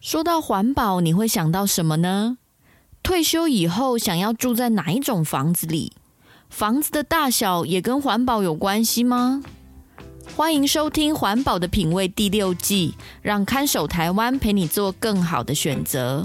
說到環保，你會想到什麼呢？退休以後想要住在哪一種房子裡？房子的大小也跟環保有關係嗎？歡迎收聽《環保的品味》第六季，讓看守台灣陪你做更好的選擇。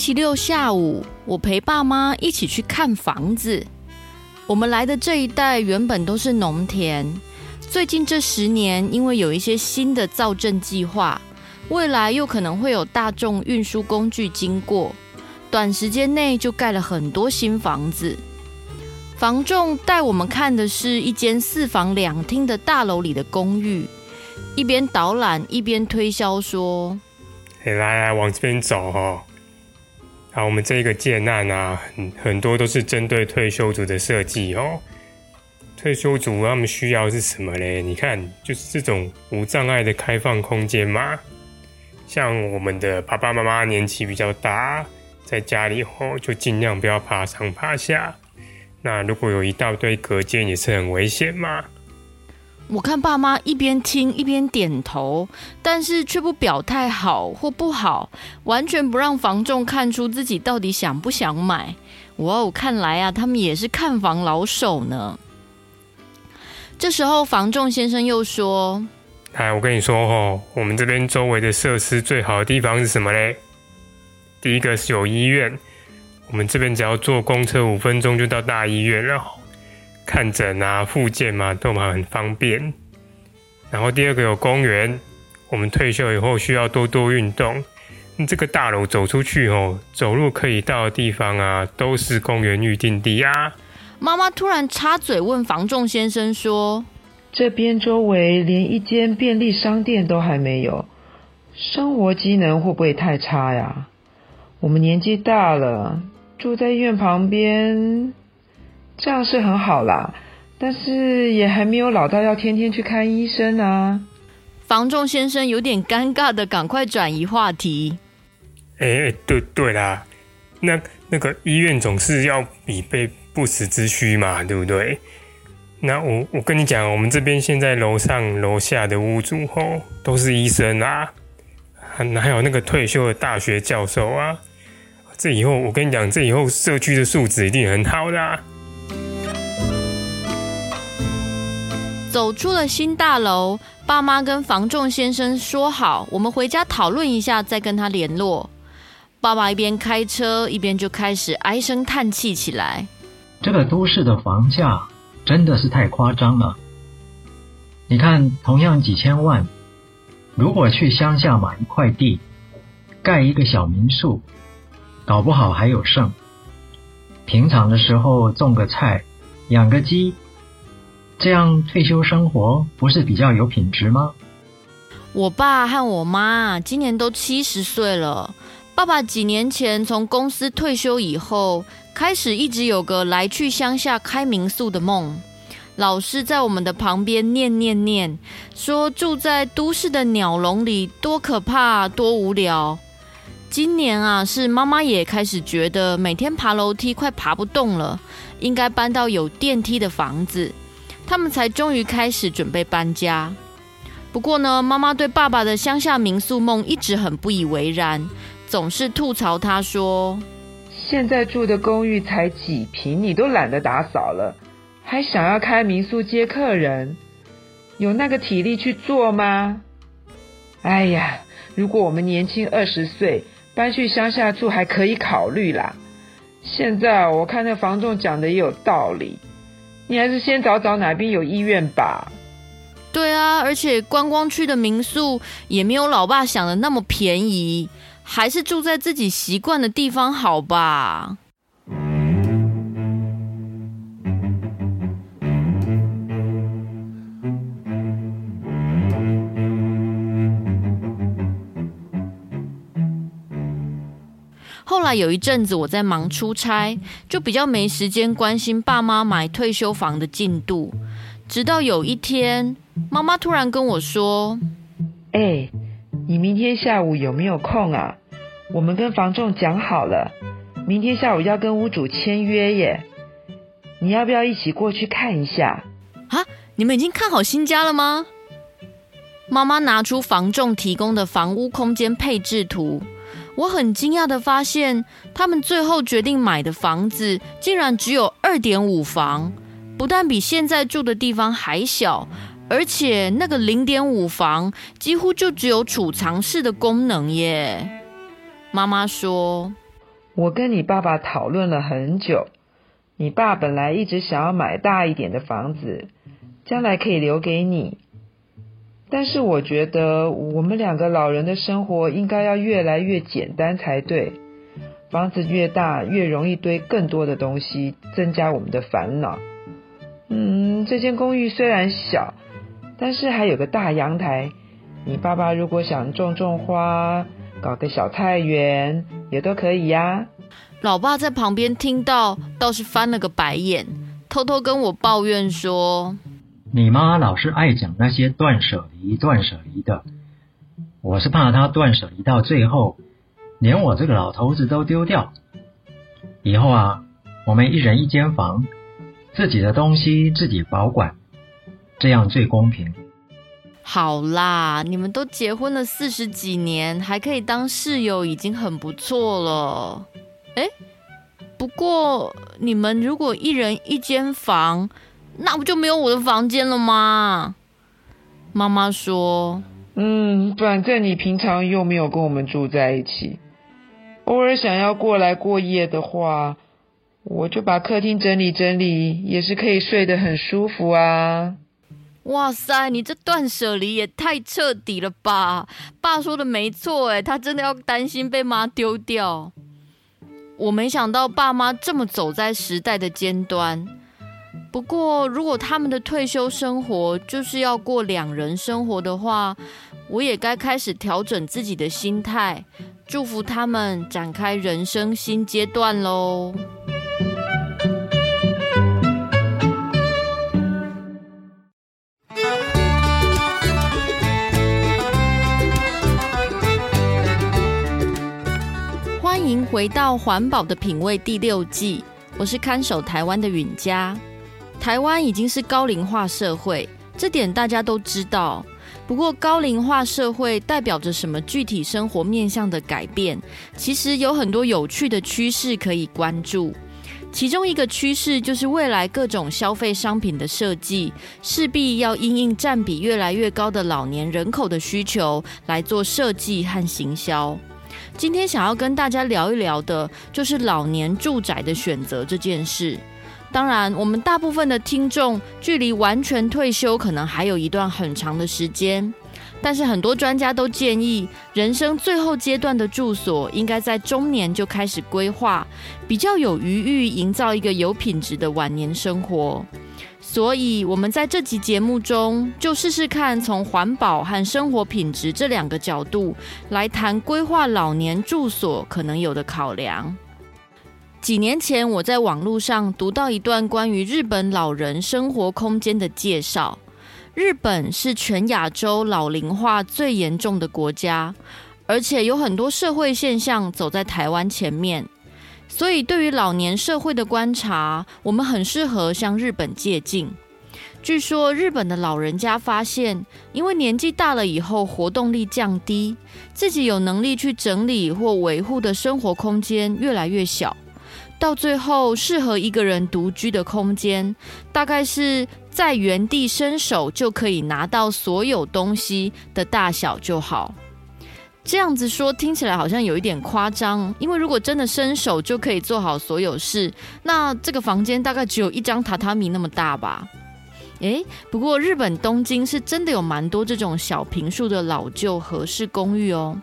星期六下午，我陪爸媽一起去看房子。我們來的這一帶原本都是農田，最近這十年因為有一些新的造鎮計劃，未來又可能會有大眾運輸工具經過，短時間內就蓋了很多新房子。房仲帶我們看的是一間四房兩廳的大樓裡的公寓，一邊導覽一邊推銷說：“來來，往這邊走哈、哦。”好，我們這個建案啊，很很多都是針對退休族的設計哦。退休族他們需要是什麼嘞？你看，就是這種無障礙的開放空間嘛。像我們的爸爸媽媽年紀比較大，在家裡哦，就儘量不要爬上爬下。那如果有一大堆隔間，也是很危險嘛。我看爸媽一邊聽一邊點頭，但是卻不表態好或不好，完全不讓房仲看出自己到底想不想買。哇哦，看來啊，他們也是看房老手呢。這時候房仲先生又說：“哎，我跟你說齁，我們這邊周圍的設施最好的地方是什麼嘞？第一個是有醫院，我們這邊只要坐公車五分鐘就到大醫院看診啊、復健嘛，啊，都嘛很方便。然後第二個有公園，我們退休以後需要多多運動。這個大樓走出去哦，走路可以到的地方啊，都是公園預定地啊。媽媽突然插嘴問房仲先生說：“這邊周圍連一間便利商店都還沒有，生活機能會不會太差呀？我們年紀大了，住在醫院旁邊。”這樣是很好啦，但是也還沒有老到要天天去看醫生啊。房仲先生有點尷尬的，趕快轉移話題。哎，對對，對啦，那那個醫院總是要以備不時之需嘛，對不對？那我我跟你講，我們這邊現在樓上樓下的屋主吼都是醫生啊，還還有那個退休的大學教授啊，這以後我跟你講，這以後社區的素質一定很好的啊。走出了新大樓，爸媽跟房仲先生說好，我們回家討論一下，再跟他聯絡。爸爸一邊開車，一邊就開始唉聲嘆氣起來。這個都市的房價真的是太誇張了。你看，同樣幾千萬，如果去鄉下買一塊地，蓋一個小民宿，搞不好還有剩。平常的時候種個菜，養個雞。這樣退休生活不是比較有品質嗎？我爸和我媽今年都七十歲了。爸爸幾年前從公司退休以後，開始一直有個來去鄉下開民宿的夢，老是在我們的旁邊念念念，說住在都市的鳥籠裡多可怕多無聊。今年啊，是媽媽也開始覺得每天爬樓梯快爬不動了，應該搬到有電梯的房子。他們才終於開始準備搬家。不過呢，媽媽對爸爸的鄉下民宿夢一直很不以為然，總是吐槽他說：“現在住的公寓才幾平，你都懶得打掃了，還想要開民宿接客人，有那個體力去做嗎？”哎呀，如果我們年輕二十歲，搬去鄉下住還可以考慮啦。現在我看那房仲講的也有道理。你還是先找找哪邊有醫院吧。對啊，而且觀光區的民宿也沒有老爸想的那麼便宜，還是住在自己習慣的地方好吧。後來有一陣子我在忙出差，就比較沒時間關心爸媽買退休房的進度。直到有一天，媽媽突然跟我說：“哎、欸，你明天下午有沒有空啊？我們跟房仲講好了，明天下午要跟屋主簽約耶，你要不要一起過去看一下？”啊，你們已經看好新家了嗎？媽媽拿出房仲提供的房屋空間配置圖。我很驚訝地發現，他們最後決定買的房子竟然只有二點五房，不但比現在住的地方還小，而且那個零點五房幾乎就只有儲藏室的功能耶。媽媽說：“我跟你爸爸討論了很久，你爸本來一直想要買大一點的房子，將來可以留給你。”但是我覺得，我們兩個老人的生活應該要越來越簡單才對。房子越大，越容易堆更多的東西，增加我們的煩惱。嗯，這間公寓雖然小，但是還有個大陽台。你爸爸如果想種種花，搞個小菜園，也都可以呀。老爸在旁邊聽到，倒是翻了個白眼，偷偷跟我抱怨說。你媽老是愛講那些斷舍離、斷舍離的，我是怕她斷舍離到最後，連我這個老頭子都丟掉。以後啊，我們一人一間房，自己的東西自己保管，這樣最公平。好啦，你們都結婚了四十幾年，還可以當室友，已經很不錯了。哎，不過你們如果一人一間房，那不就沒有我的房間了嗎？媽媽說：“嗯，反正你平常又沒有跟我們住在一起，偶爾想要過來過夜的話，我就把客廳整理整理，也是可以睡得很舒服啊。”哇塞，你這斷捨離也太徹底了吧！爸說的沒錯，哎，他真的要擔心被媽丟掉。我沒想到爸媽這麼走在時代的尖端。不過，如果他們的退休生活就是要過兩人生活的話，我也該開始調整自己的心態，祝福他們展開人生新階段嘍。歡迎回到《環保的品味》第六季，我是看守台灣的允嘉。台灣已經是高齡化社會，這點大家都知道。不過，高齡化社會代表着什麼具體生活面向的改變？其實有很多有趣的趨勢可以關注。其中一個趨勢就是未來各種消費商品的設計，勢必要因應占比越來越高的老年人口的需求來做設計和行銷。今天想要跟大家聊一聊的，就是老年住宅的選擇這件事。當然，我們大部分的聽眾距離完全退休可能還有一段很長的時間，但是很多專家都建議，人生最後階段的住所應該在中年就開始規劃，比較有餘裕，營造一個有品質的晚年生活。所以，我們在這集節目中就試試看，從環保和生活品質這兩個角度來談規劃老年住所可能有的考量。幾年前，我在網絡上讀到一段關於日本老人生活空間的介紹。日本是全亞洲老齡化最嚴重的國家，而且有很多社會現象走在台灣前面。所以，對於老年社會的觀察，我們很適合向日本借鏡。據說，日本的老人家發現，因為年紀大了以後，活動力降低，自己有能力去整理或維護的生活空間越來越小。到最後，適合一個人獨居的空間，大概是在原地伸手就可以拿到所有東西的大小就好。這樣子說聽起來好像有一點誇張，因為如果真的伸手就可以做好所有事，那這個房間大概只有一張榻榻米那麼大吧？哎、欸，不過日本東京是真的有蠻多這種小坪數的老舊和式公寓哦。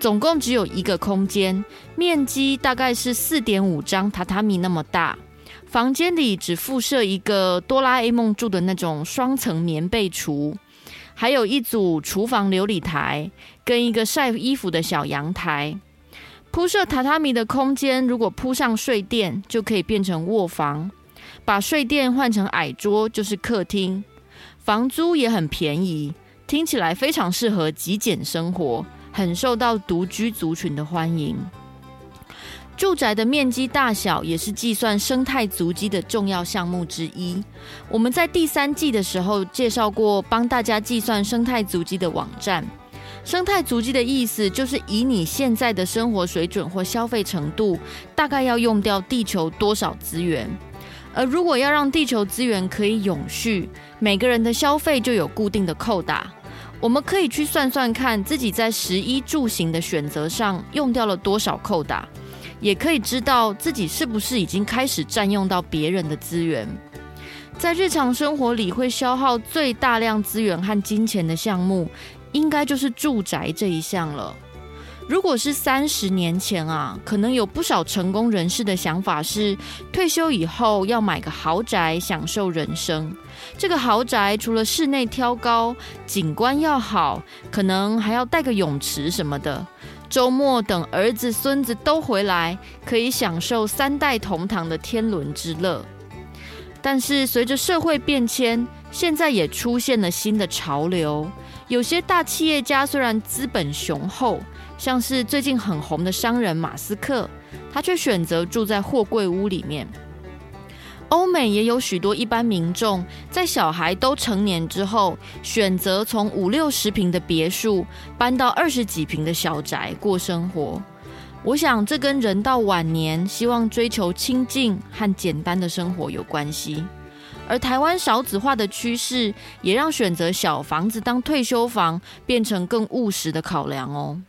總共只有一個空間，面積大概是四點五張榻榻米那麼大。房間裡只附設一個哆啦 A 夢住的那種雙層棉被櫥，還有一組廚房流理台跟一個曬衣服的小陽台。鋪設榻榻米的空間，如果鋪上睡墊就可以變成臥房，把睡墊換成矮桌就是客廳。房租也很便宜，聽起來非常適合極簡生活。很受到獨居族群的歡迎。住宅的面積大小也是計算生態足跡的重要項目之一。我們在第三季的時候介紹過幫大家計算生態足跡的網站。生態足跡的意思就是以你現在的生活水準或消費程度，大概要用掉地球多少資源。而如果要讓地球資源可以永續，每個人的消費就有固定的扣打。我們可以去算算看自己在食衣住行的選擇上用掉了多少扣打，也可以知道自己是不是已經開始佔用到別人的資源。在日常生活裡會消耗最大量資源和金錢的項目，應該就是住宅這一項了。如果是三十年前啊，可能有不少成功人士的想法是，退休以後要買個豪宅享受人生。這個豪宅除了室內挑高，景觀要好，可能還要帶個泳池什麼的。周末等兒子、孫子都回來，可以享受三代同堂的天倫之樂。但是隨着社會變遷，現在也出現了新的潮流。有些大企業家雖然資本雄厚，像是最近很紅的商人馬斯克，他卻選擇住在貨櫃屋裡面。歐美也有許多一般民眾，在小孩都成年之後，選擇從五六十坪的別墅搬到二十幾坪的小宅過生活。我想這跟人到晚年希望追求清靜和簡單的生活有關係。而台灣少子化的趨勢，也讓選擇小房子當退休房變成更務實的考量哦。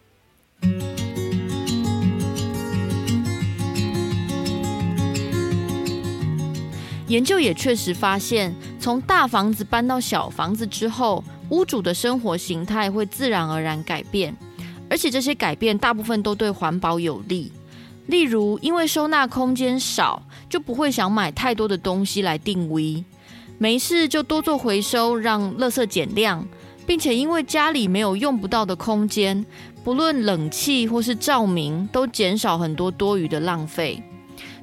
研究也確實發現，從大房子搬到小房子之後，屋主的生活形態會自然而然改變，而且這些改變大部分都對環保有利。例如，因為收納空間少，就不會想買太多的東西來定位，沒事就多做回收，讓垃圾減量，並且因為家裡沒有用不到的空間，不論冷氣或是照明，都減少很多多餘的浪費。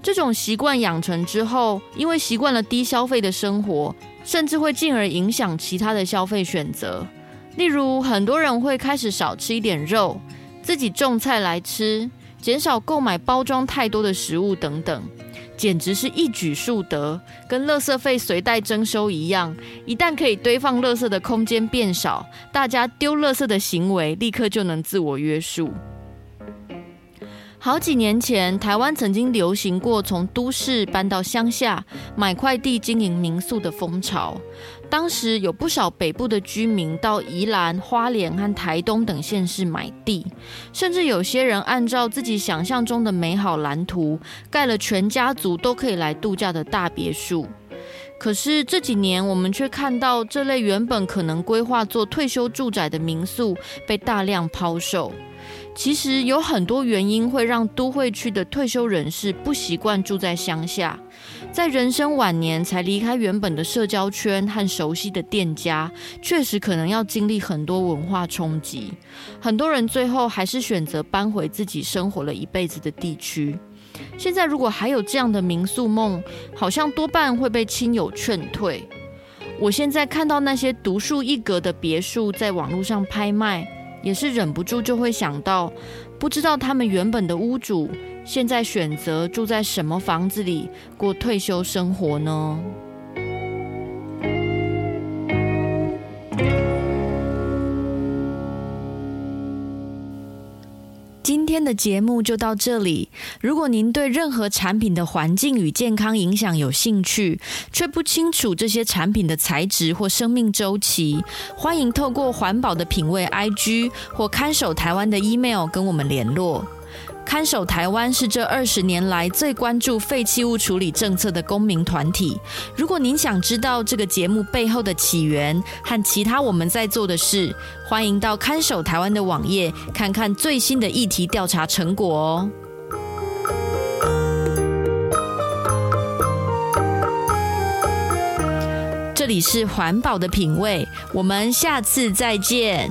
這種習慣養成之後，因為習慣了低消費的生活，甚至會進而影響其他的消費選擇。例如，很多人會開始少吃一點肉，自己種菜來吃，減少購買包裝太多的食物等等，簡直是一舉數得。跟垃圾費隨袋徵收一樣，一旦可以堆放垃圾的空間變少，大家丟垃圾的行為立刻就能自我約束。好幾年前，台灣曾經流行過從都市搬到鄉下買塊地經營民宿的風潮。當時有不少北部的居民到宜蘭、花蓮和台東等縣市買地，甚至有些人按照自己想象中的美好藍圖，蓋了全家族都可以來度假的大別墅。可是這幾年，我們卻看到這類原本可能規劃做退休住宅的民宿，被大量拋售。其實有很多原因會讓都會區的退休人士不習慣住在鄉下，在人生晚年才離開原本的社交圈和熟悉的店家，確實可能要經歷很多文化衝擊。很多人最後還是選擇搬回自己生活了一輩子的地區。現在如果還有這樣的民宿夢，好像多半會被親友勸退。我現在看到那些獨樹一格的別墅在網絡上拍賣。也是忍不住就會想到，不知道他們原本的屋主現在選擇住在什麼房子裡過退休生活呢？今天的節目就到這裡。如果您對任何產品的環境與健康影響有興趣，卻不清楚這些產品的材質或生命週期，歡迎透過環保的品味 IG 或看守台灣的 email 跟我們聯絡。看守台灣是這二十年來最關注廢棄物處理政策的公民團體。如果您想知道這個節目背後的起源和其他我們在做的事，歡迎到看守台灣的網頁看看最新的議題調查成果哦。這裡是環保的品味，我們下次再見。